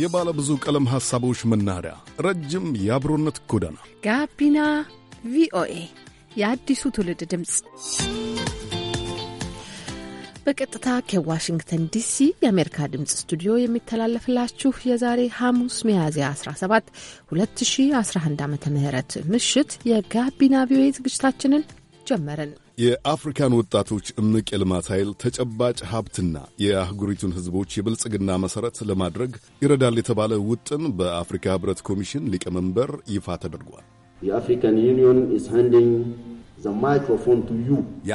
የባለ ብዙ ቀለም ሐሳቦች መናኸሪያ፣ ረጅም የአብሮነት ጎዳና ጋቢና ቪኦኤ የአዲሱ ትውልድ ድምፅ በቀጥታ ከዋሽንግተን ዲሲ የአሜሪካ ድምፅ ስቱዲዮ የሚተላለፍላችሁ የዛሬ ሐሙስ ሚያዝያ 17 2011 ዓ ም ምሽት የጋቢና ቪኦኤ ዝግጅታችንን ጀመርን። የአፍሪካን ወጣቶች እምቅ የልማት ኃይል ተጨባጭ ሀብትና የአህጉሪቱን ሕዝቦች የብልጽግና መሠረት ለማድረግ ይረዳል የተባለ ውጥን በአፍሪካ ሕብረት ኮሚሽን ሊቀመንበር ይፋ ተደርጓል።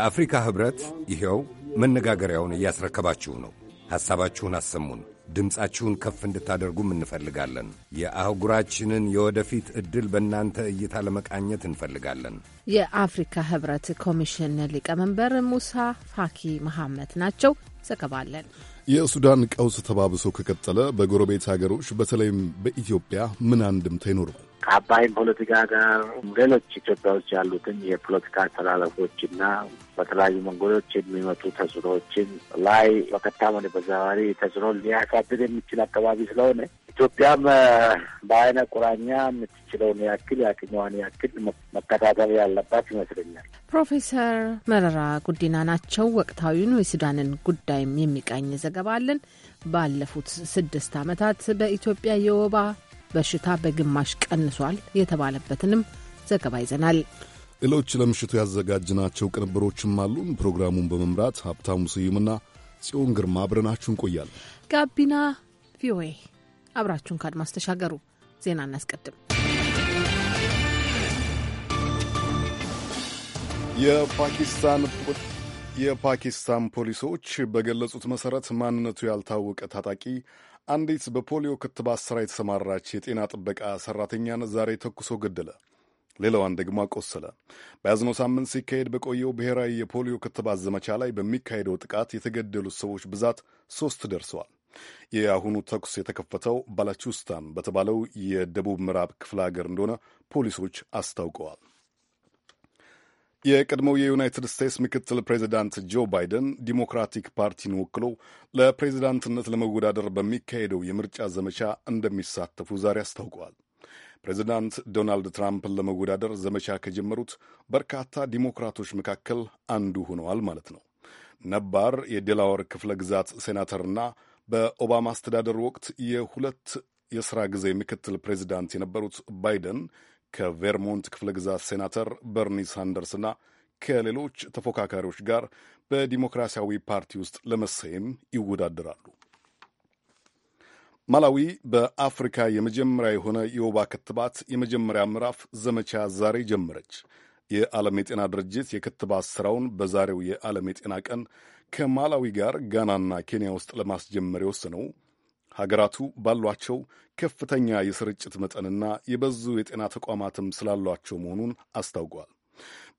የአፍሪካ ሕብረት ይኸው መነጋገሪያውን እያስረከባችሁ ነው። ሐሳባችሁን አሰሙን ድምፃችሁን ከፍ እንድታደርጉም እንፈልጋለን። የአህጉራችንን የወደፊት ዕድል በእናንተ እይታ ለመቃኘት እንፈልጋለን። የአፍሪካ ህብረት ኮሚሽን ሊቀመንበር ሙሳ ፋኪ መሐመድ ናቸው። ዘገባለን። የሱዳን ቀውስ ተባብሶ ከቀጠለ በጎረቤት ሀገሮች በተለይም በኢትዮጵያ ምን አንድምታ ይኖረዋል? ከአባይም ፖለቲካ ጋር ሌሎች ኢትዮጵያ ውስጥ ያሉትን የፖለቲካ አተላለፎችና በተለያዩ መንገዶች የሚመጡ ተጽዕኖዎችን ላይ በቀጥታም ሆነ በተዘዋዋሪ ተጽዕኖ ሊያሳድር የሚችል አካባቢ ስለሆነ ኢትዮጵያም በአይነ ቁራኛ የምትችለውን ያክል ያቅኛዋን ያክል መከታተል ያለባት ይመስለኛል። ፕሮፌሰር መረራ ጉዲና ናቸው። ወቅታዊውን የሱዳንን ጉዳይም የሚቃኝ ዘገባ አለን። ባለፉት ስድስት ዓመታት በኢትዮጵያ የወባ በሽታ በግማሽ ቀንሷል የተባለበትንም ዘገባ ይዘናል። ሌሎች ለምሽቱ ያዘጋጅናቸው ቅንብሮችም አሉን። ፕሮግራሙን በመምራት ሀብታሙ ስዩምና ጽዮን ግርማ አብረናችሁ እንቆያለን። ጋቢና ቪኦኤ አብራችሁን ካድማስ ተሻገሩ። ዜና እናስቀድም። የፓኪስታን የፓኪስታን ፖሊሶች በገለጹት መሠረት ማንነቱ ያልታወቀ ታጣቂ አንዲት በፖሊዮ ክትባት ስራ የተሰማራች የጤና ጥበቃ ሰራተኛን ዛሬ ተኩሶ ገደለ። ሌላዋን ደግሞ አቆሰለ። በያዝነው ሳምንት ሲካሄድ በቆየው ብሔራዊ የፖሊዮ ክትባት ዘመቻ ላይ በሚካሄደው ጥቃት የተገደሉት ሰዎች ብዛት ሶስት ደርሰዋል። የአሁኑ ተኩስ የተከፈተው ባላቹስታን በተባለው የደቡብ ምዕራብ ክፍለ ሀገር እንደሆነ ፖሊሶች አስታውቀዋል። የቀድሞው የዩናይትድ ስቴትስ ምክትል ፕሬዚዳንት ጆ ባይደን ዲሞክራቲክ ፓርቲን ወክሎ ለፕሬዚዳንትነት ለመወዳደር በሚካሄደው የምርጫ ዘመቻ እንደሚሳተፉ ዛሬ አስታውቀዋል። ፕሬዚዳንት ዶናልድ ትራምፕን ለመወዳደር ዘመቻ ከጀመሩት በርካታ ዲሞክራቶች መካከል አንዱ ሆነዋል ማለት ነው። ነባር የዴላወር ክፍለ ግዛት ሴናተርና በኦባማ አስተዳደር ወቅት የሁለት የሥራ ጊዜ ምክትል ፕሬዚዳንት የነበሩት ባይደን ከቬርሞንት ክፍለ ግዛት ሴናተር በርኒ ሳንደርስና ከሌሎች ተፎካካሪዎች ጋር በዲሞክራሲያዊ ፓርቲ ውስጥ ለመሰየም ይወዳደራሉ። ማላዊ በአፍሪካ የመጀመሪያ የሆነ የወባ ክትባት የመጀመሪያ ምዕራፍ ዘመቻ ዛሬ ጀመረች። የዓለም የጤና ድርጅት የክትባት ሥራውን በዛሬው የዓለም የጤና ቀን ከማላዊ ጋር ጋናና ኬንያ ውስጥ ለማስጀመር የወሰነው ሀገራቱ ባሏቸው ከፍተኛ የስርጭት መጠንና የበዙ የጤና ተቋማትም ስላሏቸው መሆኑን አስታውቀዋል።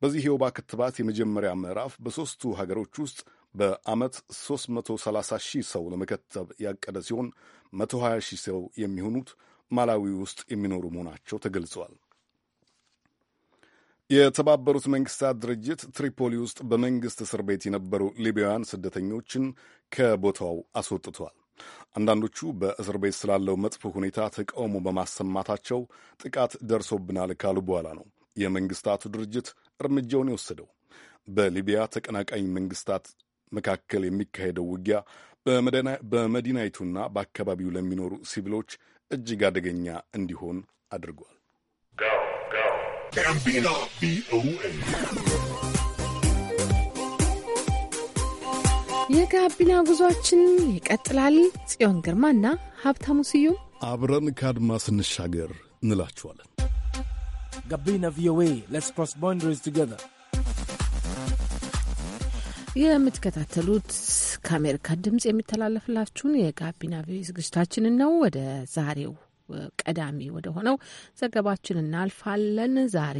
በዚህ የወባ ክትባት የመጀመሪያ ምዕራፍ በሦስቱ ሀገሮች ውስጥ በዓመት 330 ሺህ ሰው ለመከተብ ያቀደ ሲሆን 120 ሺህ ሰው የሚሆኑት ማላዊ ውስጥ የሚኖሩ መሆናቸው ተገልጸዋል። የተባበሩት መንግስታት ድርጅት ትሪፖሊ ውስጥ በመንግሥት እስር ቤት የነበሩ ሊቢያውያን ስደተኞችን ከቦታው አስወጥቷል። አንዳንዶቹ በእስር ቤት ስላለው መጥፎ ሁኔታ ተቃውሞ በማሰማታቸው ጥቃት ደርሶብናል ካሉ በኋላ ነው የመንግስታቱ ድርጅት እርምጃውን የወሰደው። በሊቢያ ተቀናቃኝ መንግስታት መካከል የሚካሄደው ውጊያ በመዲናይቱና በአካባቢው ለሚኖሩ ሲቪሎች እጅግ አደገኛ እንዲሆን አድርጓል። የጋቢና ጉዟችን ይቀጥላል። ጽዮን ግርማና ሀብታሙ ስዩም አብረን ከአድማ ስንሻገር እንላችኋለን። ጋቢና ቪኦኤ ሌትስ ክሮስ ቦንደሪስ ቱጌዘር የምትከታተሉት ከአሜሪካ ድምፅ የሚተላለፍላችሁን የጋቢና ቪኦኤ ዝግጅታችንን ነው። ወደ ዛሬው ቀዳሚ ወደ ሆነው ዘገባችን እናልፋለን። ዛሬ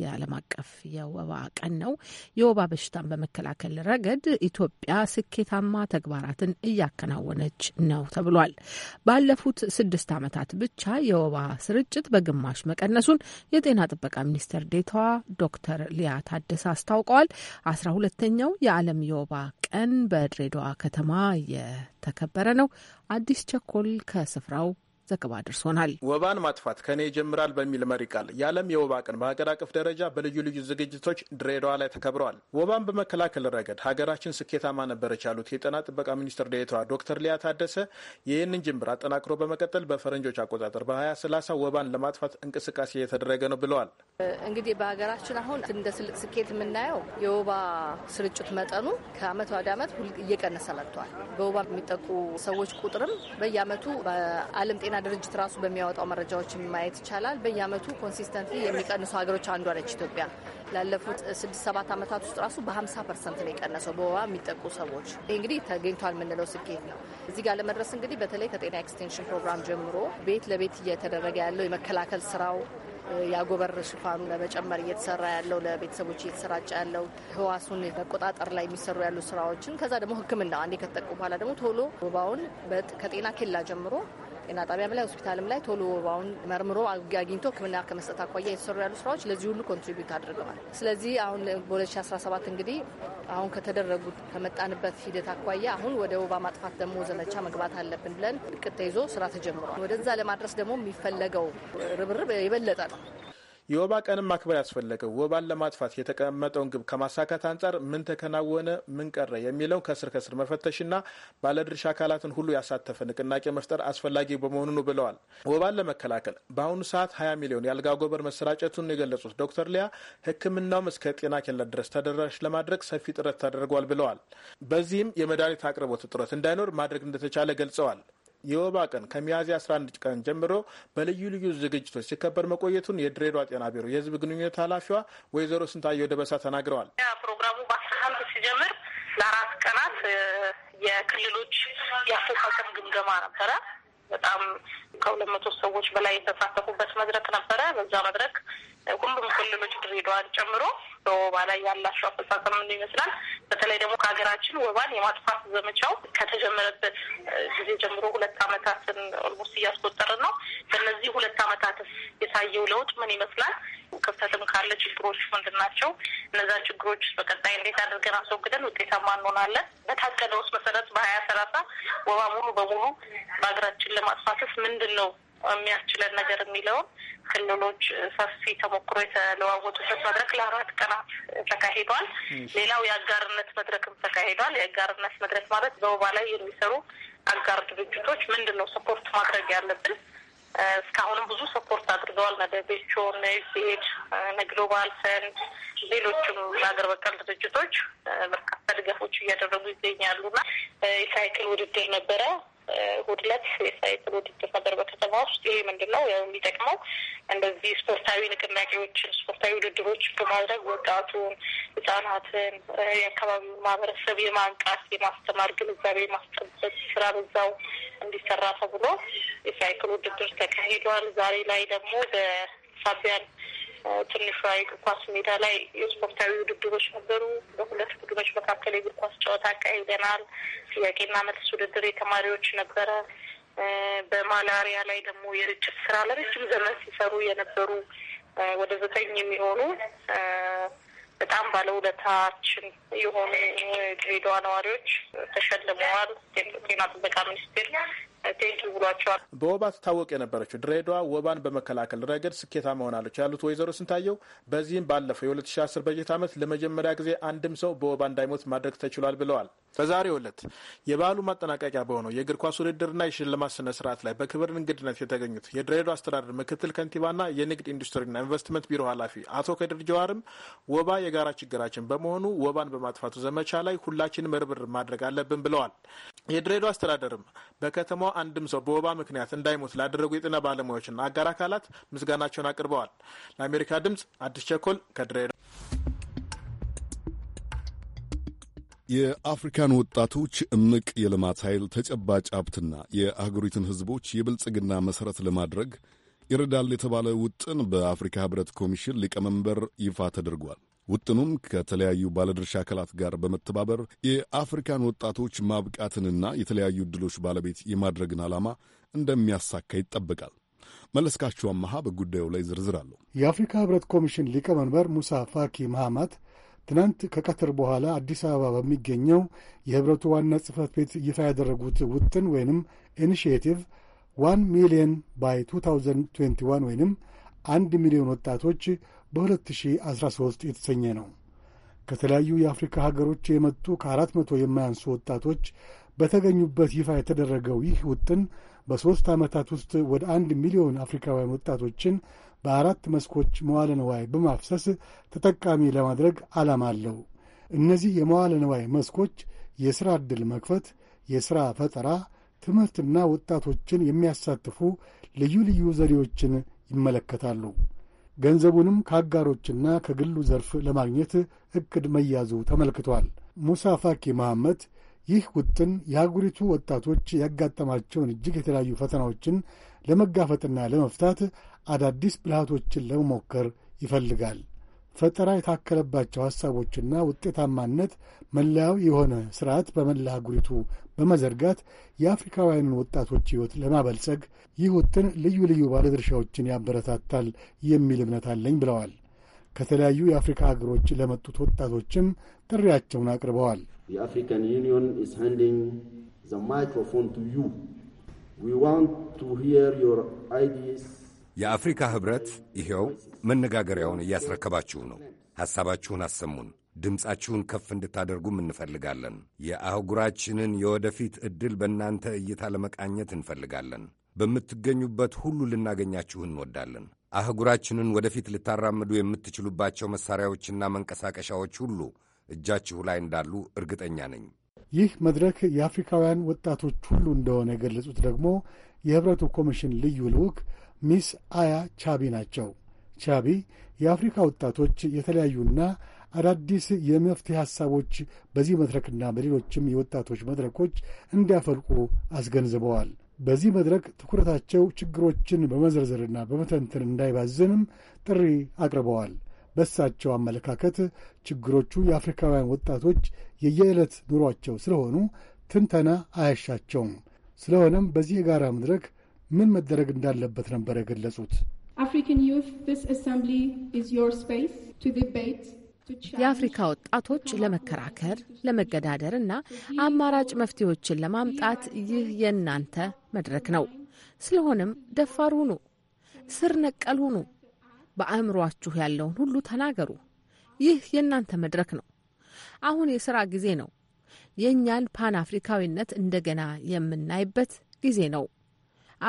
የዓለም አቀፍ የወባ ቀን ነው። የወባ በሽታን በመከላከል ረገድ ኢትዮጵያ ስኬታማ ተግባራትን እያከናወነች ነው ተብሏል። ባለፉት ስድስት ዓመታት ብቻ የወባ ስርጭት በግማሽ መቀነሱን የጤና ጥበቃ ሚኒስቴር ዴታዋ ዶክተር ሊያ ታደሰ አስታውቀዋል። አስራ ሁለተኛው የዓለም የወባ ቀን በድሬዳዋ ከተማ የተከበረ ነው። አዲስ ቸኮል ከስፍራው ዘገባ ደርሶናል። ወባን ማጥፋት ከኔ ይጀምራል በሚል መሪ ቃል የዓለም የወባ ቀን በሀገር አቀፍ ደረጃ በልዩ ልዩ ዝግጅቶች ድሬዳዋ ላይ ተከብረዋል። ወባን በመከላከል ረገድ ሀገራችን ስኬታማ ነበረች ያሉት የጤና ጥበቃ ሚኒስትር ዴኤታዋ ዶክተር ሊያ ታደሰ ይህንን ጅምር አጠናክሮ በመቀጠል በፈረንጆች አቆጣጠር በ2030 ወባን ለማጥፋት እንቅስቃሴ እየተደረገ ነው ብለዋል። እንግዲህ በሀገራችን አሁን እንደ ትልቅ ስኬት የምናየው የወባ ስርጭት መጠኑ ከአመት ወደ አመት እየቀነሰ መጥቷል። በወባ የሚጠቁ ሰዎች ቁጥርም በየአመቱ በአለም ጤና የጤና ድርጅት ራሱ በሚያወጣው መረጃዎችን ማየት ይቻላል። በየአመቱ ኮንሲስተንትሊ የሚቀንሱ ሀገሮች አንዷ ነች ኢትዮጵያ። ላለፉት ስድስት ሰባት ዓመታት ውስጥ ራሱ በ50 ፐርሰንት ነው የቀነሰው በወባ የሚጠቁ ሰዎች። ይህ እንግዲህ ተገኝቷል የምንለው ስኬት ነው። እዚህ ጋር ለመድረስ እንግዲህ በተለይ ከጤና ኤክስቴንሽን ፕሮግራም ጀምሮ ቤት ለቤት እየተደረገ ያለው የመከላከል ስራው የአጎበር ሽፋኑ ለመጨመር እየተሰራ ያለው ለቤተሰቦች እየተሰራጨ ያለው ህዋሱን መቆጣጠር ላይ የሚሰሩ ያሉ ስራዎችን ከዛ ደግሞ ሕክምና አንዴ ከተጠቁ በኋላ ደግሞ ቶሎ ወባውን ከጤና ኬላ ጀምሮ ጤና ጣቢያም ላይ ሆስፒታልም ላይ ቶሎ ወባውን መርምሮ አግኝቶ ሕክምና ከመስጠት አኳያ የተሰሩ ያሉ ስራዎች ለዚህ ሁሉ ኮንትሪቢዩት አድርገዋል። ስለዚህ አሁን በ2017 እንግዲህ አሁን ከተደረጉት ከመጣንበት ሂደት አኳያ አሁን ወደ ወባ ማጥፋት ደግሞ ዘመቻ መግባት አለብን ብለን እቅድ ተይዞ ስራ ተጀምሯል። ወደዛ ለማድረስ ደግሞ የሚፈለገው ርብርብ የበለጠ ነው። የወባ ቀንም ማክበር ያስፈለገው ወባን ለማጥፋት የተቀመጠውን ግብ ከማሳካት አንጻር ምን ተከናወነ፣ ምን ቀረ የሚለው ከስር ከስር መፈተሽና ባለድርሻ አካላትን ሁሉ ያሳተፈ ንቅናቄ መፍጠር አስፈላጊ በመሆኑ ነው ብለዋል። ወባን ለመከላከል በአሁኑ ሰዓት 20 ሚሊዮን የአልጋ ጎበር መሰራጨቱን የገለጹት ዶክተር ሊያ ሕክምናውም እስከ ጤና ኬላ ድረስ ተደራሽ ለማድረግ ሰፊ ጥረት ተደርጓል ብለዋል። በዚህም የመድኃኒት አቅርቦት እጥረት እንዳይኖር ማድረግ እንደተቻለ ገልጸዋል። የወባ ቀን ከሚያዝያ 11 ቀን ጀምሮ በልዩ ልዩ ዝግጅቶች ሲከበር መቆየቱን የድሬዳዋ ጤና ቢሮ የህዝብ ግንኙነት ኃላፊዋ ወይዘሮ ስንታየው ደበሳ ተናግረዋል። ፕሮግራሙ በአስራ ሲጀምር ለአራት ቀናት የክልሎች የአፈጻጸም ግምገማ ነበረ። በጣም ከሁለት መቶ ሰዎች በላይ የተሳተፉበት መድረክ ነበረ። በዛ መድረክ ሁሉም ክልሎች ድሬዳዋን ጨምሮ በወባ ላይ ያላቸው አፈጻጸም ምን ይመስላል፣ በተለይ ደግሞ ከሀገራችን ወባን የማጥፋት ዘመቻው ከተጀመረበት ጊዜ ጀምሮ ሁለት ዓመታትን ኦልሞስት እያስቆጠርን ነው። በእነዚህ ሁለት ዓመታት የታየው ለውጥ ምን ይመስላል፣ ክፍተትም ካለ ችግሮች ምንድን ናቸው፣ እነዛ ችግሮች በቀጣይ እንዴት አድርገን አስወግደን ውጤታማ እንሆናለን፣ በታቀደውስ መሰረት በሀያ ሰላሳ ወባ ሙሉ በሙሉ በሀገራችን ለማጥፋትስ ምንድን ምንድን ነው የሚያስችለን ነገር የሚለውን ክልሎች ሰፊ ተሞክሮ የተለዋወጡበት መድረክ ለአራት ቀናት ተካሂዷል። ሌላው የአጋርነት መድረክም ተካሂዷል። የአጋርነት መድረክ ማለት በወባ ላይ የሚሰሩ አጋር ድርጅቶች ምንድን ነው ሰፖርት ማድረግ ያለብን። እስካሁንም ብዙ ሰፖርት አድርገዋል። ነደቤቾ፣ ቤቾ፣ ነግሎባል ሰንድ፣ ሌሎችም ለሀገር በቀል ድርጅቶች በርካታ ድጋፎች እያደረጉ ና የሳይክል ውድድር ነበረ። እሑድ ዕለት የሳይክል ውድድር ነበር በከተማ ውስጥ። ይሄ ምንድን ነው ያው የሚጠቅመው እንደዚህ ስፖርታዊ ንቅናቄዎችን፣ ስፖርታዊ ውድድሮች በማድረግ ወጣቱን፣ ህጻናትን፣ የአካባቢውን ማህበረሰብ የማንቃት የማስተማር ግንዛቤ የማስጠበቅ ስራ በዛው እንዲሰራ ተብሎ የሳይክል ውድድር ተካሂዷል። ዛሬ ላይ ደግሞ በሳቢያን ትንሿ የእግር ኳስ ሜዳ ላይ የስፖርታዊ ውድድሮች ነበሩ። በሁለት ቡድኖች መካከል የእግር ኳስ ጨዋታ አካሂደናል። ጥያቄና መልስ ውድድር የተማሪዎች ነበረ። በማላሪያ ላይ ደግሞ የርጭት ስራ ለረጅም ዘመን ሲሰሩ የነበሩ ወደ ዘጠኝ የሚሆኑ በጣም ባለውለታችን የሆኑ ድሬዳዋ ነዋሪዎች ተሸልመዋል። ጤና ጥበቃ ሚኒስቴር ቴንኪ ብሏቸዋል። በወባ ትታወቅ የነበረችው ድሬዳዋ ወባን በመከላከል ረገድ ስኬታ መሆናለች ያሉት ወይዘሮ ስንታየው በዚህም ባለፈው የ2010 በጀት ዓመት ለመጀመሪያ ጊዜ አንድም ሰው በወባ እንዳይሞት ማድረግ ተችሏል ብለዋል። በዛሬው ዕለት የባሉ ማጠናቀቂያ በሆነው የእግር ኳስ ውድድርና የሽልማት ስነ ስርዓት ላይ በክብር እንግድነት የተገኙት የድሬዳዋ አስተዳደር ምክትል ከንቲባና የንግድ ኢንዱስትሪና ኢንቨስትመንት ቢሮ ኃላፊ አቶ ከድር ጀዋርም ወባ የጋራ ችግራችን በመሆኑ ወባን በማጥፋቱ ዘመቻ ላይ ሁላችንም ርብር ማድረግ አለብን ብለዋል። የድሬዳዋ አስተዳደርም በከተማ አንድም ሰው በወባ ምክንያት እንዳይሞት ላደረጉ የጤና ባለሙያዎችና አጋር አካላት ምስጋናቸውን አቅርበዋል። ለአሜሪካ ድምጽ አዲስ ቸኮል ከድሬዳዋ። የአፍሪካን ወጣቶች እምቅ የልማት ኃይል ተጨባጭ ሀብትና የአህጉሪትን ሕዝቦች የብልጽግና መሠረት ለማድረግ ይረዳል የተባለ ውጥን በአፍሪካ ህብረት ኮሚሽን ሊቀመንበር ይፋ ተደርጓል። ውጥኑም ከተለያዩ ባለድርሻ አካላት ጋር በመተባበር የአፍሪካን ወጣቶች ማብቃትንና የተለያዩ ዕድሎች ባለቤት የማድረግን ዓላማ እንደሚያሳካ ይጠበቃል። መለስካቸው አመሃ በጉዳዩ ላይ ዝርዝር አለው። የአፍሪካ ህብረት ኮሚሽን ሊቀመንበር ሙሳ ፋኪ መሐማት ትናንት ከቀትር በኋላ አዲስ አበባ በሚገኘው የህብረቱ ዋና ጽህፈት ቤት ይፋ ያደረጉት ውጥን ወይንም ኢኒሽቲቭ ዋን ሚሊየን ባይ 2021 ወይንም አንድ ሚሊዮን ወጣቶች በ2013 የተሰኘ ነው። ከተለያዩ የአፍሪካ ሀገሮች የመጡ ከአራት መቶ የማያንሱ ወጣቶች በተገኙበት ይፋ የተደረገው ይህ ውጥን በሦስት ዓመታት ውስጥ ወደ አንድ ሚሊዮን አፍሪካውያን ወጣቶችን በአራት መስኮች መዋለ ነዋይ በማፍሰስ ተጠቃሚ ለማድረግ ዓላማ አለው። እነዚህ የመዋለ ነዋይ መስኮች የሥራ ዕድል መክፈት፣ የሥራ ፈጠራ፣ ትምህርትና ወጣቶችን የሚያሳትፉ ልዩ ልዩ ዘዴዎችን ይመለከታሉ። ገንዘቡንም ከአጋሮችና ከግሉ ዘርፍ ለማግኘት እቅድ መያዙ ተመልክቷል። ሙሳ ፋኪ መሐመድ ይህ ውጥን የአህጉሪቱ ወጣቶች ያጋጠማቸውን እጅግ የተለያዩ ፈተናዎችን ለመጋፈጥና ለመፍታት አዳዲስ ብልሃቶችን ለመሞከር ይፈልጋል። ፈጠራ የታከለባቸው ሐሳቦችና ውጤታማነት መለያው የሆነ ሥርዓት በመላ አጉሪቱ ። በመዘርጋት የአፍሪካውያንን ወጣቶች ሕይወት ለማበልጸግ ይህ ውጥን ልዩ ልዩ ባለድርሻዎችን ያበረታታል የሚል እምነት አለኝ ብለዋል። ከተለያዩ የአፍሪካ ሀገሮች ለመጡት ወጣቶችም ጥሪያቸውን አቅርበዋል። የአፍሪካን ዩኒዮን ኢዝ ሃንዲንግ ዘ ማይክሮፎን ቱ ዩ ዊ ዋንት ቱ ሂር ዮር የአፍሪካ ህብረት ይኸው መነጋገሪያውን እያስረከባችሁ ነው። ሐሳባችሁን አሰሙን። ድምፃችሁን ከፍ እንድታደርጉም እንፈልጋለን። የአህጉራችንን የወደፊት ዕድል በእናንተ እይታ ለመቃኘት እንፈልጋለን። በምትገኙበት ሁሉ ልናገኛችሁ እንወዳለን። አህጉራችንን ወደፊት ልታራምዱ የምትችሉባቸው መሣሪያዎችና መንቀሳቀሻዎች ሁሉ እጃችሁ ላይ እንዳሉ እርግጠኛ ነኝ። ይህ መድረክ የአፍሪካውያን ወጣቶች ሁሉ እንደሆነ የገለጹት ደግሞ የኅብረቱ ኮሚሽን ልዩ ልዑክ ሚስ አያ ቻቢ ናቸው። ቻቢ የአፍሪካ ወጣቶች የተለያዩና አዳዲስ የመፍትሄ ሐሳቦች በዚህ መድረክና በሌሎችም የወጣቶች መድረኮች እንዲያፈልቁ አስገንዝበዋል። በዚህ መድረክ ትኩረታቸው ችግሮችን በመዘርዘርና በመተንተን እንዳይባዝንም ጥሪ አቅርበዋል። በሳቸው አመለካከት ችግሮቹ የአፍሪካውያን ወጣቶች የየዕለት ኑሯቸው ስለሆኑ ትንተና አያሻቸውም። ስለሆነም በዚህ የጋራ መድረክ ምን መደረግ እንዳለበት ነበር የገለጹት። አፍሪካን ዩዝ አሰምብሊ ኢዝ ዮር ስፔስ ቱ ዲቤት የአፍሪካ ወጣቶች ለመከራከር፣ ለመገዳደር እና አማራጭ መፍትሄዎችን ለማምጣት ይህ የእናንተ መድረክ ነው። ስለሆነም ደፋር ሁኑ፣ ስር ነቀል ሁኑ፣ በአእምሯችሁ ያለውን ሁሉ ተናገሩ። ይህ የእናንተ መድረክ ነው። አሁን የሥራ ጊዜ ነው። የእኛን ፓን አፍሪካዊነት እንደገና የምናይበት ጊዜ ነው።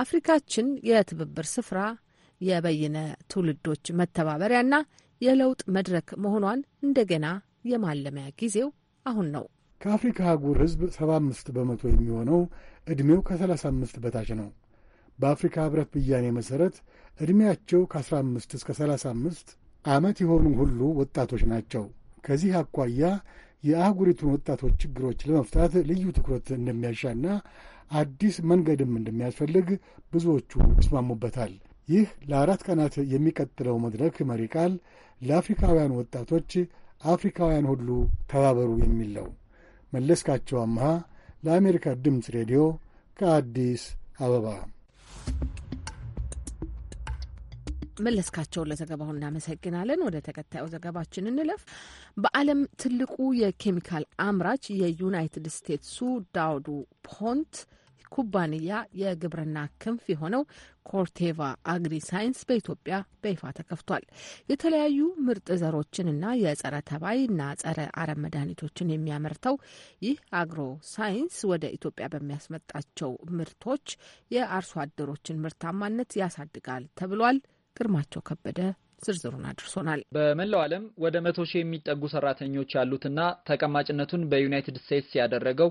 አፍሪካችን የትብብር ስፍራ፣ የበይነ ትውልዶች መተባበሪያና የለውጥ መድረክ መሆኗን እንደገና የማለሚያ ጊዜው አሁን ነው። ከአፍሪካ አህጉር ህዝብ 75 በመቶ የሚሆነው ዕድሜው ከ35 በታች ነው። በአፍሪካ ኅብረት ብያኔ መሠረት ዕድሜያቸው ከ15 እስከ 35 ዓመት የሆኑ ሁሉ ወጣቶች ናቸው። ከዚህ አኳያ የአህጉሪቱን ወጣቶች ችግሮች ለመፍታት ልዩ ትኩረት እንደሚያሻና አዲስ መንገድም እንደሚያስፈልግ ብዙዎቹ ይስማሙበታል። ይህ ለአራት ቀናት የሚቀጥለው መድረክ መሪ ቃል ለአፍሪካውያን ወጣቶች አፍሪካውያን ሁሉ ተባበሩ የሚል ነው። መለስካቸው አምሃ ለአሜሪካ ድምፅ ሬዲዮ ከአዲስ አበባ። መለስካቸውን ለዘገባው እናመሰግናለን። ወደ ተከታዩ ዘገባችን እንለፍ። በዓለም ትልቁ የኬሚካል አምራች የዩናይትድ ስቴትሱ ዳውዱ ፖንት ኩባንያ የግብርና ክንፍ የሆነው ኮርቴቫ አግሪ ሳይንስ በኢትዮጵያ በይፋ ተከፍቷል። የተለያዩ ምርጥ ዘሮችን ዘሮችንና የጸረ እና ጸረ አረም መድኃኒቶችን የሚያመርተው ይህ አግሮ ሳይንስ ወደ ኢትዮጵያ በሚያስመጣቸው ምርቶች የአርሶ አደሮችን ምርታማነት ያሳድጋል ተብሏል። ግርማቸው ከበደ ዝርዝሩን አድርሶናል። በመላው ዓለም ወደ መቶ ሺህ የሚጠጉ ሰራተኞች ያሉትና ተቀማጭነቱን በዩናይትድ ስቴትስ ያደረገው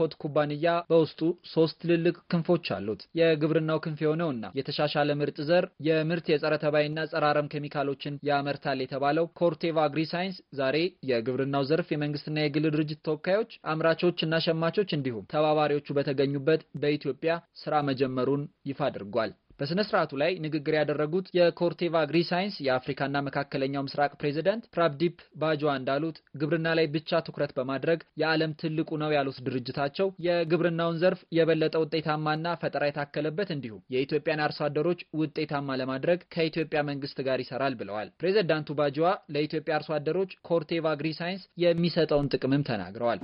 ፖት ኩባንያ በውስጡ ሶስት ትልልቅ ክንፎች አሉት። የግብርናው ክንፍ የሆነውና የተሻሻለ ምርጥ ዘር የምርት የጸረ ተባይና ጸረ አረም ኬሚካሎችን ያመርታል የተባለው ኮርቴቫ አግሪ ሳይንስ ዛሬ የግብርናው ዘርፍ የመንግስትና የግል ድርጅት ተወካዮች፣ አምራቾችና ሸማቾች እንዲሁም ተባባሪዎቹ በተገኙበት በኢትዮጵያ ስራ መጀመሩን ይፋ አድርጓል። በሥነ ሥርዓቱ ላይ ንግግር ያደረጉት የኮርቴቫ ግሪሳይንስ የአፍሪካና መካከለኛው ምስራቅ ፕሬዚደንት ፕራብዲፕ ባጅዋ እንዳሉት ግብርና ላይ ብቻ ትኩረት በማድረግ የዓለም ትልቁ ነው ያሉት ድርጅታቸው የግብርናውን ዘርፍ የበለጠ ውጤታማና ፈጠራ የታከለበት እንዲሁም የኢትዮጵያን አርሶ አደሮች ውጤታማ ለማድረግ ከኢትዮጵያ መንግስት ጋር ይሰራል ብለዋል። ፕሬዚዳንቱ ባጅዋ ለኢትዮጵያ አርሶ አደሮች ኮርቴቫ ግሪሳይንስ የሚሰጠውን ጥቅምም ተናግረዋል።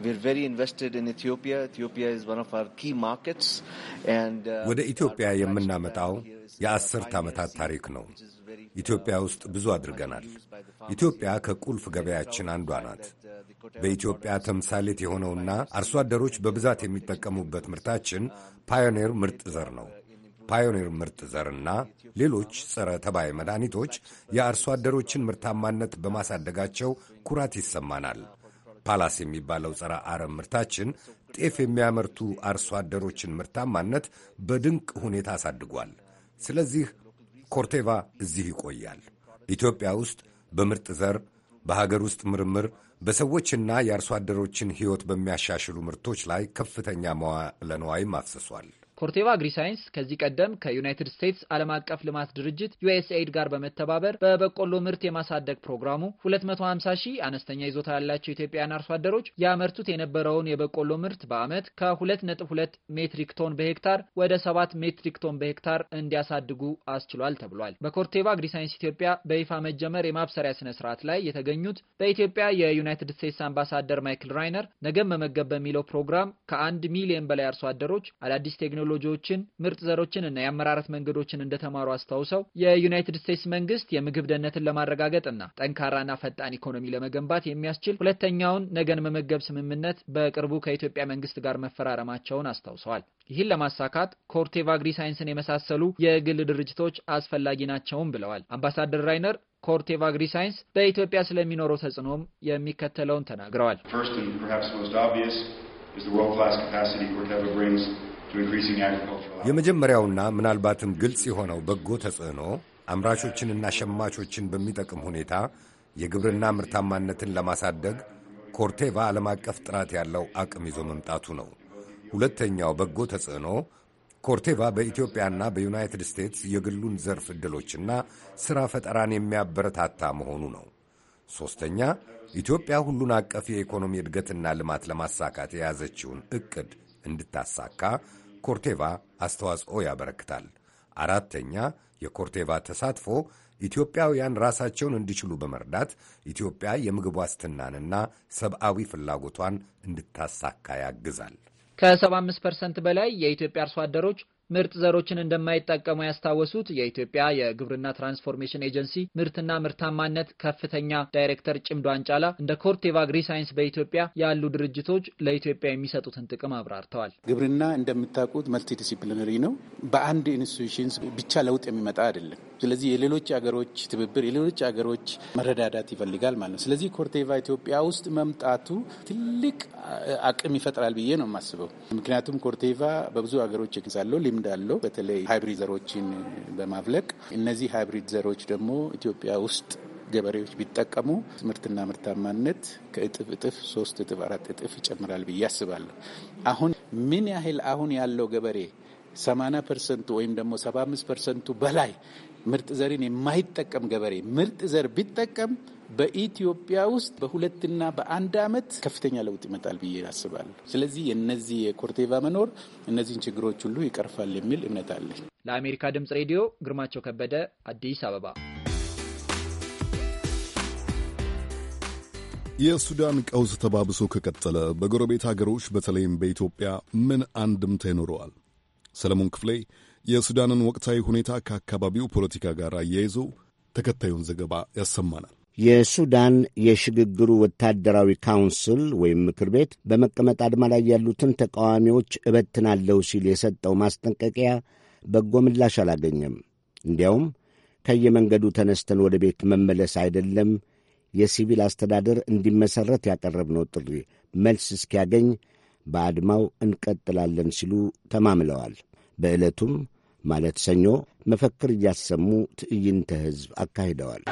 Uh, ወደ ኢትዮጵያ የምናመጣው የአስርት ዓመታት ታሪክ ነው። ኢትዮጵያ ውስጥ ብዙ አድርገናል። ኢትዮጵያ ከቁልፍ ገበያችን አንዷ ናት። uh, በኢትዮጵያ ተምሳሌት የሆነውና አርሶ አደሮች በብዛት የሚጠቀሙበት uh, ምርታችን ፓዮኔር um, ምርጥ ዘር ነው። ፓዮኔር ምርጥ ዘርና ሌሎች ጸረ ተባይ መድኃኒቶች የአርሶ አደሮችን ምርታማነት በማሳደጋቸው ኩራት ይሰማናል። ፓላስ የሚባለው ጸረ አረም ምርታችን ጤፍ የሚያመርቱ አርሶ አደሮችን ምርታማነት በድንቅ ሁኔታ አሳድጓል። ስለዚህ ኮርቴቫ እዚህ ይቆያል። ኢትዮጵያ ውስጥ በምርጥ ዘር፣ በሀገር ውስጥ ምርምር፣ በሰዎችና የአርሶ አደሮችን ሕይወት በሚያሻሽሉ ምርቶች ላይ ከፍተኛ መዋዕለ ንዋይም አፍስሷል። ኮርቴቫ ሳይንስ ከዚህ ቀደም ከዩናይትድ ስቴትስ ዓለም አቀፍ ልማት ድርጅት ዩኤስኤድ ጋር በመተባበር በበቆሎ ምርት የማሳደግ ፕሮግራሙ 250 ሺህ አነስተኛ ይዞታ ያላቸው ኢትዮጵያውያን አርሶ አደሮች ያመርቱት የነበረውን የበቆሎ ምርት በዓመት ከ2.2 ሜትሪክ ቶን በሄክታር ወደ 7 ሜትሪክ ቶን በሄክታር እንዲያሳድጉ አስችሏል ተብሏል። በኮርቴቫ ሳይንስ ኢትዮጵያ በይፋ መጀመር የማብሰሪያ ስነ ስርዓት ላይ የተገኙት በኢትዮጵያ የዩናይትድ ስቴትስ አምባሳደር ማይክል ራይነር ነገም መመገብ በሚለው ፕሮግራም ከአንድ ሚሊዮን በላይ አርሶ አደሮች አዳዲስ ቴክኖሎጂ ቴክኖሎጂዎችን፣ ምርጥ ዘሮችንና የአመራረት መንገዶችን እንደተማሩ አስታውሰው የዩናይትድ ስቴትስ መንግስት የምግብ ደህንነትን ለማረጋገጥና ጠንካራና ፈጣን ኢኮኖሚ ለመገንባት የሚያስችል ሁለተኛውን ነገን መመገብ ስምምነት በቅርቡ ከኢትዮጵያ መንግስት ጋር መፈራረማቸውን አስታውሰዋል። ይህን ለማሳካት ኮርቴቭ አግሪ ሳይንስን የመሳሰሉ የግል ድርጅቶች አስፈላጊ ናቸውም ብለዋል አምባሳደር ራይነር። ኮርቴቭ አግሪ ሳይንስ በኢትዮጵያ ስለሚኖረው ተጽዕኖም የሚከተለውን ተናግረዋል። የመጀመሪያውና ምናልባትም ግልጽ የሆነው በጎ ተጽዕኖ አምራቾችንና ሸማቾችን በሚጠቅም ሁኔታ የግብርና ምርታማነትን ለማሳደግ ኮርቴቫ ዓለም አቀፍ ጥራት ያለው አቅም ይዞ መምጣቱ ነው። ሁለተኛው በጎ ተጽዕኖ ኮርቴቫ በኢትዮጵያና በዩናይትድ ስቴትስ የግሉን ዘርፍ ዕድሎችና ሥራ ፈጠራን የሚያበረታታ መሆኑ ነው። ሦስተኛ፣ ኢትዮጵያ ሁሉን አቀፍ የኢኮኖሚ እድገትና ልማት ለማሳካት የያዘችውን ዕቅድ እንድታሳካ ኮርቴቫ አስተዋጽኦ ያበረክታል። አራተኛ የኮርቴቫ ተሳትፎ ኢትዮጵያውያን ራሳቸውን እንዲችሉ በመርዳት ኢትዮጵያ የምግብ ዋስትናንና ሰብአዊ ፍላጎቷን እንድታሳካ ያግዛል። ከ75 ፐርሰንት በላይ የኢትዮጵያ አርሶ አደሮች ምርጥ ዘሮችን እንደማይጠቀሙ ያስታወሱት የኢትዮጵያ የግብርና ትራንስፎርሜሽን ኤጀንሲ ምርትና ምርታማነት ከፍተኛ ዳይሬክተር ጭምዶ አንጫላ እንደ ኮርቴቫ ግሪ ሳይንስ በኢትዮጵያ ያሉ ድርጅቶች ለኢትዮጵያ የሚሰጡትን ጥቅም አብራርተዋል። ግብርና እንደምታውቁት መልቲ ዲሲፕሊነሪ ነው። በአንድ ኢንስቲቱሽን ብቻ ለውጥ የሚመጣ አይደለም። ስለዚህ የሌሎች ሀገሮች ትብብር፣ የሌሎች ሀገሮች መረዳዳት ይፈልጋል ማለት ነው። ስለዚህ ኮርቴቫ ኢትዮጵያ ውስጥ መምጣቱ ትልቅ አቅም ይፈጥራል ብዬ ነው የማስበው። ምክንያቱም ኮርቴቫ በብዙ ሀገሮች ግዛለው ልምድ አለው፣ በተለይ ሃይብሪድ ዘሮችን በማፍለቅ እነዚህ ሃይብሪድ ዘሮች ደግሞ ኢትዮጵያ ውስጥ ገበሬዎች ቢጠቀሙ ምርትና ምርታማነት ከእጥፍ እጥፍ ሶስት እጥፍ አራት እጥፍ ይጨምራል ብዬ አስባለሁ። አሁን ምን ያህል አሁን ያለው ገበሬ 80 ፐርሰንቱ ወይም ደግሞ 75 ፐርሰንቱ በላይ ምርጥ ዘርን የማይጠቀም ገበሬ ምርጥ ዘር ቢጠቀም በኢትዮጵያ ውስጥ በሁለትና በአንድ አመት ከፍተኛ ለውጥ ይመጣል ብዬ አስባለሁ። ስለዚህ የነዚህ የኮርቴቫ መኖር እነዚህን ችግሮች ሁሉ ይቀርፋል የሚል እምነት አለኝ። ለአሜሪካ ድምጽ ሬዲዮ ግርማቸው ከበደ አዲስ አበባ። የሱዳን ቀውስ ተባብሶ ከቀጠለ በጎረቤት ሀገሮች በተለይም በኢትዮጵያ ምን አንድምታ ይኖረዋል? ሰለሞን ክፍሌ የሱዳንን ወቅታዊ ሁኔታ ከአካባቢው ፖለቲካ ጋር አያይዞ ተከታዩን ዘገባ ያሰማናል። የሱዳን የሽግግሩ ወታደራዊ ካውንስል ወይም ምክር ቤት በመቀመጥ አድማ ላይ ያሉትን ተቃዋሚዎች እበትናለሁ ሲል የሰጠው ማስጠንቀቂያ በጎ ምላሽ አላገኘም። እንዲያውም ከየመንገዱ ተነስተን ወደ ቤት መመለስ አይደለም የሲቪል አስተዳደር እንዲመሠረት ያቀረብነው ጥሪ መልስ እስኪያገኝ በአድማው እንቀጥላለን ሲሉ ተማምለዋል። በዕለቱም ማለት ሰኞ መፈክር እያሰሙ ትዕይንተ ሕዝብ አካሂደዋል።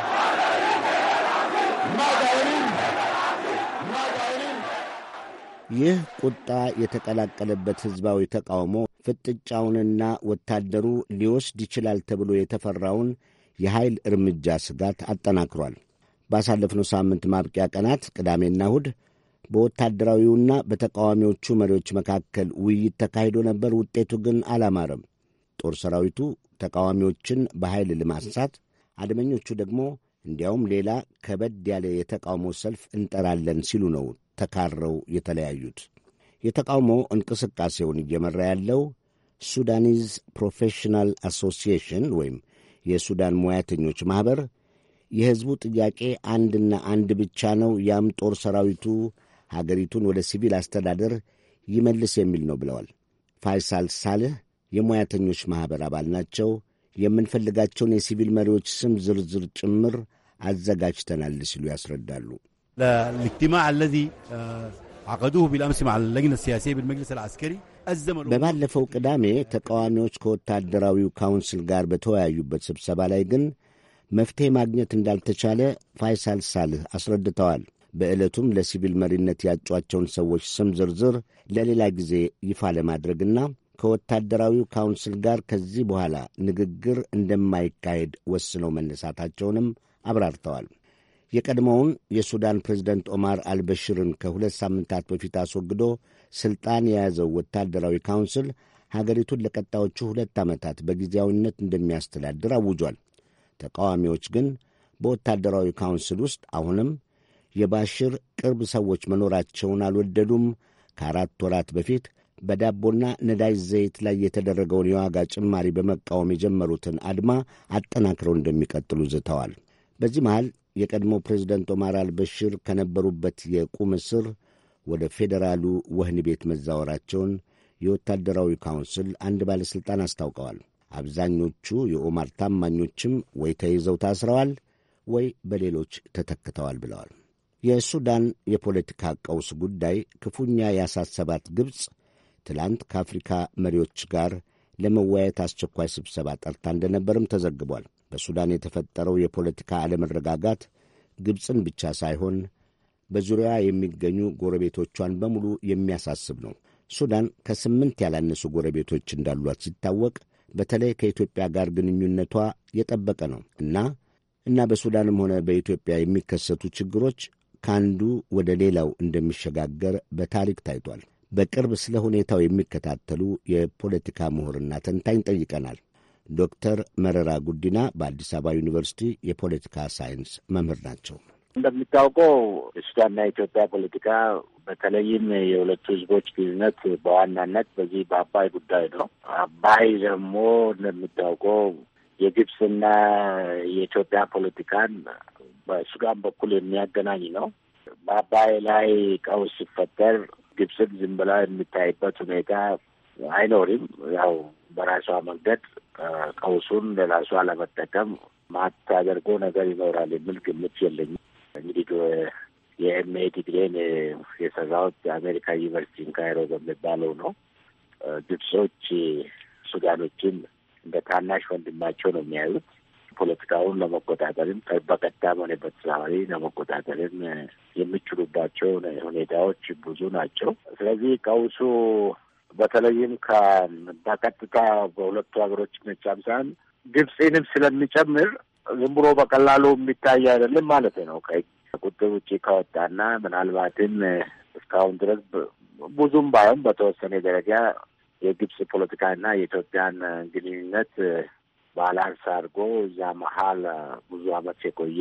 ይህ ቁጣ የተቀላቀለበት ሕዝባዊ ተቃውሞ ፍጥጫውንና ወታደሩ ሊወስድ ይችላል ተብሎ የተፈራውን የኃይል እርምጃ ስጋት አጠናክሯል። ባሳለፍነው ሳምንት ማብቂያ ቀናት ቅዳሜና እሁድ በወታደራዊውና በተቃዋሚዎቹ መሪዎች መካከል ውይይት ተካሂዶ ነበር። ውጤቱ ግን አላማረም። ጦር ሰራዊቱ ተቃዋሚዎችን በኃይል ለማስሳት፣ አድመኞቹ ደግሞ እንዲያውም ሌላ ከበድ ያለ የተቃውሞ ሰልፍ እንጠራለን ሲሉ ነው ተካረው የተለያዩት። የተቃውሞ እንቅስቃሴውን እየመራ ያለው ሱዳኒዝ ፕሮፌሽናል አሶሲዬሽን ወይም የሱዳን ሙያተኞች ማኅበር የሕዝቡ ጥያቄ አንድና አንድ ብቻ ነው፣ ያም ጦር ሰራዊቱ ሀገሪቱን ወደ ሲቪል አስተዳደር ይመልስ የሚል ነው ብለዋል። ፋይሳል ሳልህ የሙያተኞች ማኅበር አባል ናቸው። የምንፈልጋቸውን የሲቪል መሪዎች ስም ዝርዝር ጭምር አዘጋጅተናል ሲሉ ያስረዳሉ። በባለፈው ቅዳሜ ተቃዋሚዎች ከወታደራዊው ካውንስል ጋር በተወያዩበት ስብሰባ ላይ ግን መፍትሔ ማግኘት እንዳልተቻለ ፋይሳል ሳልህ አስረድተዋል። በዕለቱም ለሲቪል መሪነት ያጯቸውን ሰዎች ስም ዝርዝር ለሌላ ጊዜ ይፋ ለማድረግና ከወታደራዊው ካውንስል ጋር ከዚህ በኋላ ንግግር እንደማይካሄድ ወስነው መነሳታቸውንም አብራርተዋል። የቀድሞውን የሱዳን ፕሬዝደንት ኦማር አልበሽርን ከሁለት ሳምንታት በፊት አስወግዶ ሥልጣን የያዘው ወታደራዊ ካውንስል ሀገሪቱን ለቀጣዮቹ ሁለት ዓመታት በጊዜያዊነት እንደሚያስተዳድር አውጇል። ተቃዋሚዎች ግን በወታደራዊ ካውንስል ውስጥ አሁንም የባሽር ቅርብ ሰዎች መኖራቸውን አልወደዱም። ከአራት ወራት በፊት በዳቦና ነዳጅ ዘይት ላይ የተደረገውን የዋጋ ጭማሪ በመቃወም የጀመሩትን አድማ አጠናክረው እንደሚቀጥሉ ዝተዋል። በዚህ መሃል የቀድሞ ፕሬዝደንት ኦማር አልበሽር ከነበሩበት የቁም እስር ወደ ፌዴራሉ ወህኒ ቤት መዛወራቸውን የወታደራዊ ካውንስል አንድ ባለሥልጣን አስታውቀዋል። አብዛኞቹ የኦማር ታማኞችም ወይ ተይዘው ታስረዋል ወይ በሌሎች ተተክተዋል ብለዋል። የሱዳን የፖለቲካ ቀውስ ጉዳይ ክፉኛ ያሳሰባት ግብፅ ትላንት ከአፍሪካ መሪዎች ጋር ለመወያየት አስቸኳይ ስብሰባ ጠርታ እንደነበርም ተዘግቧል። በሱዳን የተፈጠረው የፖለቲካ አለመረጋጋት ግብፅን ብቻ ሳይሆን በዙሪያዋ የሚገኙ ጎረቤቶቿን በሙሉ የሚያሳስብ ነው። ሱዳን ከስምንት ያላነሱ ጎረቤቶች እንዳሏት ሲታወቅ በተለይ ከኢትዮጵያ ጋር ግንኙነቷ የጠበቀ ነው እና እና በሱዳንም ሆነ በኢትዮጵያ የሚከሰቱ ችግሮች ከአንዱ ወደ ሌላው እንደሚሸጋገር በታሪክ ታይቷል። በቅርብ ስለ ሁኔታው የሚከታተሉ የፖለቲካ ምሁርና ተንታኝ ጠይቀናል። ዶክተር መረራ ጉዲና በአዲስ አበባ ዩኒቨርሲቲ የፖለቲካ ሳይንስ መምህር ናቸው። እንደሚታወቀው የሱዳንና የኢትዮጵያ ፖለቲካ በተለይም የሁለቱ ህዝቦች ግንኙነት በዋናነት በዚህ በአባይ ጉዳይ ነው። አባይ ደግሞ እንደሚታወቀው የግብፅና የኢትዮጵያ ፖለቲካን በሱዳን በኩል የሚያገናኝ ነው። በአባይ ላይ ቀውስ ሲፈጠር ግብፅን ዝም ብላ የሚታይበት ሁኔታ አይኖርም። ያው በራሷ መንገድ ቀውሱን ለራሷ ለመጠቀም ማታደርገው ነገር ይኖራል የሚል ግምት የለኝም። እንግዲህ የኤምኤ ዲግሪን የሰራሁት የአሜሪካ ዩኒቨርሲቲ ካይሮ በሚባለው ነው። ግብጾች ሱዳኖችን እንደ ታናሽ ወንድማቸው ነው የሚያዩት። ፖለቲካውን ለመቆጣጠርም በቀጣም ሆነ በተዘዋዋሪ ለመቆጣጠርም የሚችሉባቸው ሁኔታዎች ብዙ ናቸው። ስለዚህ ቀውሱ በተለይም በቀጥታ በሁለቱ ሀገሮች መቻም ሳይሆን ግብፅንም ስለሚጨምር ዝም ብሎ በቀላሉ የሚታይ አይደለም ማለት ነው። ከቁጥር ውጭ ከወጣና ምናልባትም እስካሁን ድረስ ብዙም ባይሆን በተወሰነ ደረጃ የግብፅ ፖለቲካና የኢትዮጵያን ግንኙነት ባላንስ አድርጎ እዛ መሀል ብዙ አመት የቆየ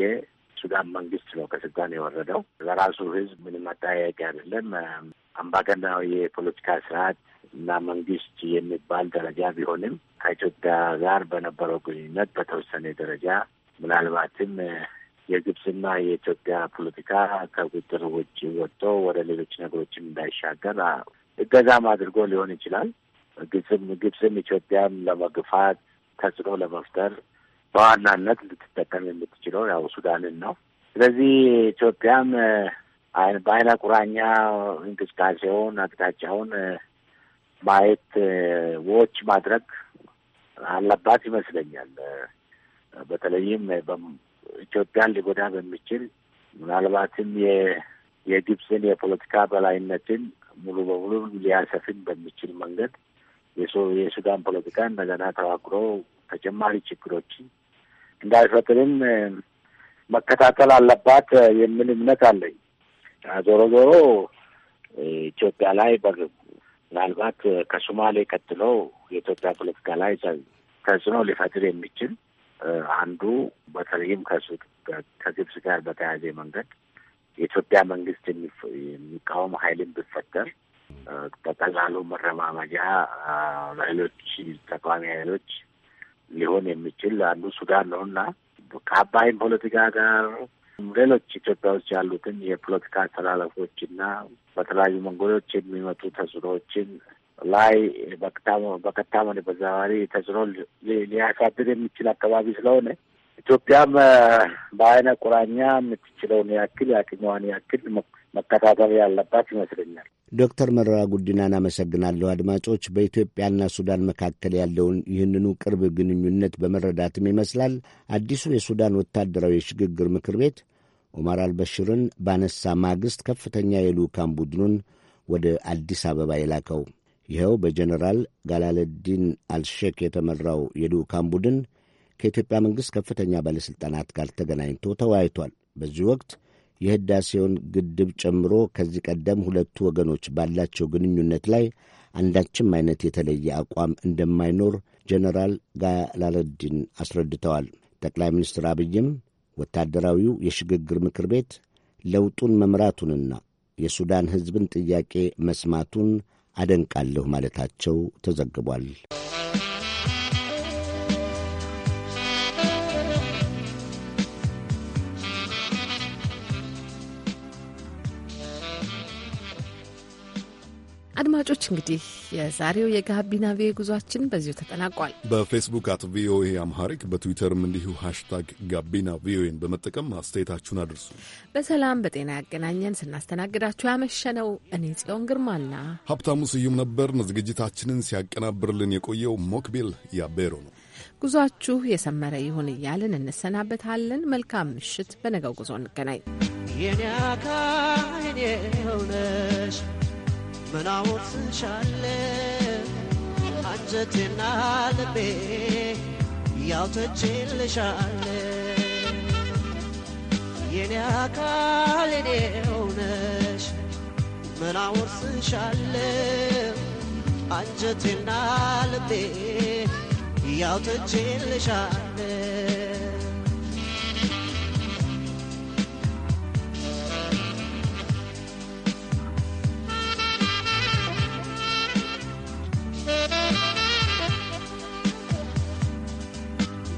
ሱዳን መንግስት ነው ከስልጣን የወረደው። ለራሱ ህዝብ ምንም አጠያያቂ አይደለም። አምባገናዊ የፖለቲካ ስርዓት እና መንግስት የሚባል ደረጃ ቢሆንም ከኢትዮጵያ ጋር በነበረው ግንኙነት በተወሰነ ደረጃ ምናልባትም የግብፅና የኢትዮጵያ ፖለቲካ ከቁጥር ውጭ ወጥቶ ወደ ሌሎች ነገሮችም እንዳይሻገር እገዛም አድርጎ ሊሆን ይችላል። ግብፅም ግብፅም ኢትዮጵያም ለመግፋት ተጽዕኖ ለመፍጠር በዋናነት ልትጠቀም የምትችለው ያው ሱዳንን ነው። ስለዚህ ኢትዮጵያም በአይነ ቁራኛ እንቅስቃሴውን አቅጣጫውን ማየት ዎች ማድረግ አለባት ይመስለኛል። በተለይም ኢትዮጵያን ሊጎዳ በሚችል ምናልባትም የግብፅን የፖለቲካ በላይነትን ሙሉ በሙሉ ሊያሰፍን በሚችል መንገድ የሱዳን ፖለቲካ እንደገና ተዋቅሮ ተጨማሪ ችግሮችን እንዳይፈጥርም መከታተል አለባት የሚል እምነት አለኝ። ዞሮ ዞሮ ኢትዮጵያ ላይ ምናልባት ከሶማሌ ቀጥሎ የኢትዮጵያ ፖለቲካ ላይ ተጽዕኖ ሊፈጥር የሚችል አንዱ በተለይም ከግብጽ ጋር በተያያዘ መንገድ የኢትዮጵያ መንግስት የሚቃወም ኃይልን ቢፈጠር በቀላሉ መረማመጃ ለሌሎች ተቃዋሚ ኃይሎች ሊሆን የሚችል አንዱ ሱዳን ነው እና ከአባይም ፖለቲካ ጋር ሌሎች ኢትዮጵያ ውስጥ ያሉትን የፖለቲካ አስተላለፎች እና በተለያዩ መንገዶች የሚመጡ ተጽዕኖዎችን ላይ በቀጥታም ሆነ በተዘዋዋሪ ተጽዕኖ ሊያሳድር የሚችል አካባቢ ስለሆነ ኢትዮጵያም በአይነ ቁራኛ የምትችለውን ያክል የአቅሟን ያክል መከታተል ያለባት ይመስለኛል። ዶክተር መረራ ጉዲናን አመሰግናለሁ። አድማጮች፣ በኢትዮጵያና ሱዳን መካከል ያለውን ይህንኑ ቅርብ ግንኙነት በመረዳትም ይመስላል አዲሱ የሱዳን ወታደራዊ የሽግግር ምክር ቤት ኦማር አልበሽርን ባነሳ ማግስት ከፍተኛ የልዑካን ቡድኑን ወደ አዲስ አበባ የላከው። ይኸው በጀነራል ጋላለዲን አልሼክ የተመራው የልዑካን ቡድን ከኢትዮጵያ መንግሥት ከፍተኛ ባለሥልጣናት ጋር ተገናኝቶ ተወያይቷል። በዚህ ወቅት የህዳሴውን ግድብ ጨምሮ ከዚህ ቀደም ሁለቱ ወገኖች ባላቸው ግንኙነት ላይ አንዳችም አይነት የተለየ አቋም እንደማይኖር ጀነራል ጋላልዲን አስረድተዋል። ጠቅላይ ሚኒስትር አብይም ወታደራዊው የሽግግር ምክር ቤት ለውጡን መምራቱንና የሱዳን ሕዝብን ጥያቄ መስማቱን አደንቃለሁ ማለታቸው ተዘግቧል። አድማጮች እንግዲህ የዛሬው የጋቢና ቪኦኤ ጉዟችን በዚሁ ተጠናቋል። በፌስቡክ አት ቪኦኤ አምሃሪክ በትዊተርም እንዲሁ ሃሽታግ ጋቢና ቪኦኤን በመጠቀም አስተያየታችሁን አድርሱ። በሰላም በጤና ያገናኘን። ስናስተናግዳችሁ ያመሸነው እኔ ጽዮን ግርማና ሀብታሙ ስዩም ነበርን። ዝግጅታችንን ሲያቀናብርልን የቆየው ሞክቤል ያቤሮ ነው። ጉዟችሁ የሰመረ ይሁን እያልን እንሰናበታለን። መልካም ምሽት። በነገው ጉዞ እንገናኝ። መናወቅ ስንሻለ አንጀቴና ልቤ ያውተቼልሻለ የኔ አካል የኔ እውነሽ መናወቅ ስንሻለ አንጀቴና ልቤ ያውተቼልሻለ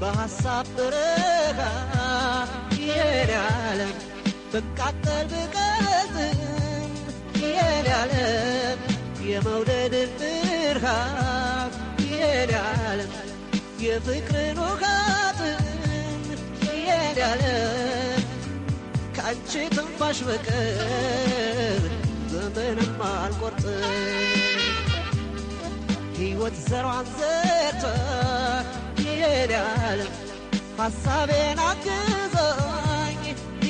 በሐሳብ ብረካ የኔ ዓለም ብቃጠል ብቀልጥም የኔ ዓለም የመውደድን ብርሃን የኔ ዓለም የፍቅርን ውቃጥን የኔ ዓለም ከአንቺ ትንፋሽ በቀር ዘመንም አልቆርጥም ሕይወት ዘሯን ዘርታ Yeah. ያለ ሐሳቤን አግዘኝ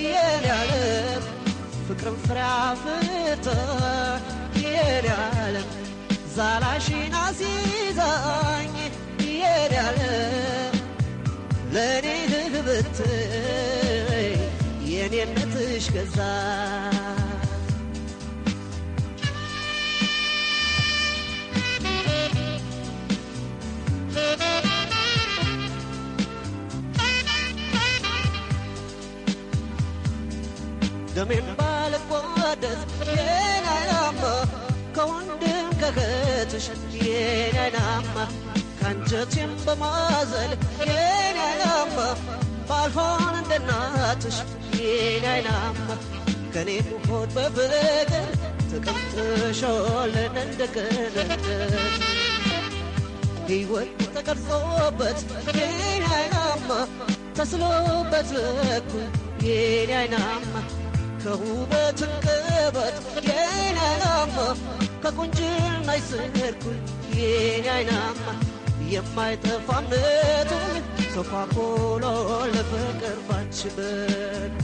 ይሄን ያለ ፍቅርም ፍሬ አፍርቶ ይሄን ያለ ዛላሽን አስይዘኝ ይሄን ያለ ለእኔ ልህ ብትይ የእኔነትሽ ገዛ ደሜን ባልቋደስ የኔ አይናማ ከወንድም ከእህትሽ የኔ አይናማ ከአንጀቴም በማዘል የኔ አይናማ ባልሆን እንደ እናትሽ የኔ አይናማ ከኔ ሆድ በፍቅር ተቀምጥሾልን እንደገነት ሕይወት ተቀርጾበት የኔ አይናማ ተስሎበት እኩል የኔ አይናማ ከውበት ቅበት የኔ አይናማ ከቁንጅና ይስርኩኝ የኔ አይናማ የማይጠፋ እምነቱን ሰፋ ኮሎ ለፍቅር ባንችበት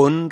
con